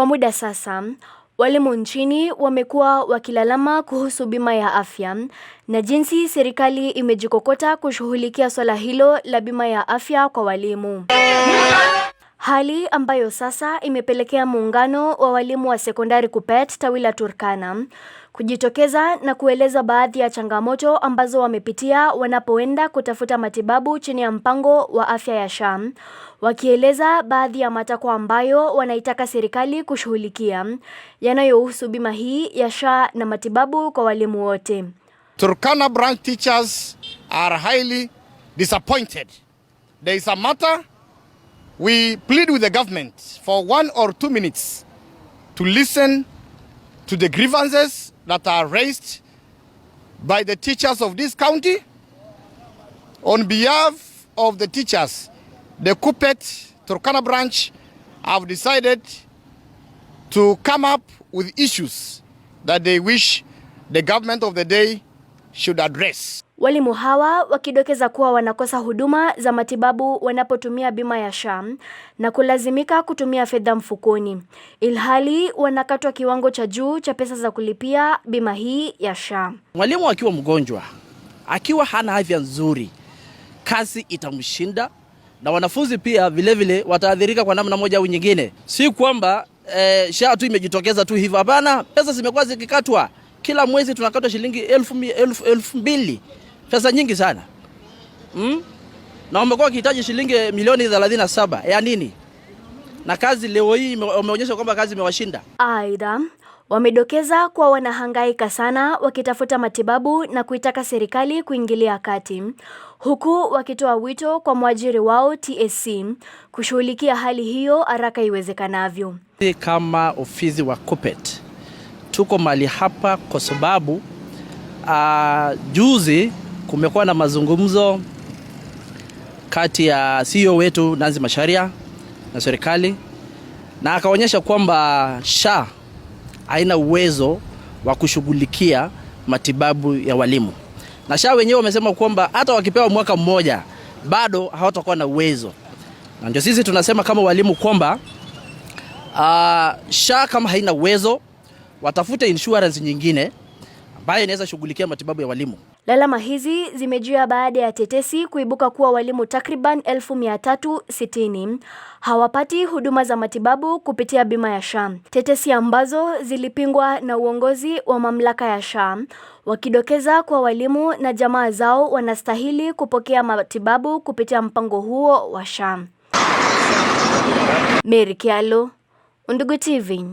Kwa muda sasa, walimu nchini wamekuwa wakilalama kuhusu bima ya afya na jinsi serikali imejikokota kushughulikia swala hilo la bima ya afya kwa walimu hali ambayo sasa imepelekea muungano wa walimu wa sekondari KUPPET tawi la Turkana kujitokeza na kueleza baadhi ya changamoto ambazo wamepitia wanapoenda kutafuta matibabu chini ya mpango wa afya ya SHA, wakieleza baadhi ya matakwa ambayo wanaitaka serikali kushughulikia yanayohusu bima hii ya SHA na matibabu kwa walimu wote. Turkana branch teachers are highly disappointed. There is a matter We plead with the government for one or two minutes to listen to the grievances that are raised by the teachers of this county. On behalf of the teachers, the Kupet Turkana branch have decided to come up with issues that they wish the government of the day should address. Walimu hawa wakidokeza kuwa wanakosa huduma za matibabu wanapotumia bima ya SHA na kulazimika kutumia fedha mfukoni, ilhali wanakatwa kiwango cha juu cha pesa za kulipia bima hii ya SHA. Mwalimu akiwa mgonjwa, akiwa hana afya nzuri, kazi itamshinda na wanafunzi pia vilevile wataathirika kwa namna moja au nyingine. Si kwamba eh, SHA tu imejitokeza tu hivyo, hapana. Pesa zimekuwa zikikatwa kila mwezi tunakatwa shilingi elfu, elfu, elfu mbili pesa nyingi sana mm? na wamekuwa wakihitaji shilingi milioni 37 ya nini? Na kazi leo hii wameonyesha kwamba kazi imewashinda. Aidha, wamedokeza kuwa wanahangaika sana wakitafuta matibabu na kuitaka serikali kuingilia kati, huku wakitoa wito kwa mwajiri wao TSC kushughulikia hali hiyo haraka iwezekanavyo. Kama ofisi wa Kuppet tuko mali hapa kwa sababu uh, juzi kumekuwa na mazungumzo kati ya CEO wetu Nanzi Macharia na serikali na akaonyesha kwamba SHA haina uwezo wa kushughulikia matibabu ya walimu, na SHA wenyewe wamesema kwamba hata wakipewa mwaka mmoja bado hawatakuwa na uwezo, na ndio sisi tunasema kama walimu kwamba uh, SHA kama haina uwezo watafute insurance nyingine ambayo inaweza shughulikia matibabu ya walimu. Lalama hizi zimejia baada ya tetesi kuibuka kuwa walimu takriban elfu mia tatu sitini hawapati huduma za matibabu kupitia bima ya SHA, tetesi ambazo zilipingwa na uongozi wa mamlaka ya SHA wakidokeza kuwa walimu na jamaa zao wanastahili kupokea matibabu kupitia mpango huo wa SHA. Mary Kialo, Undugu TV.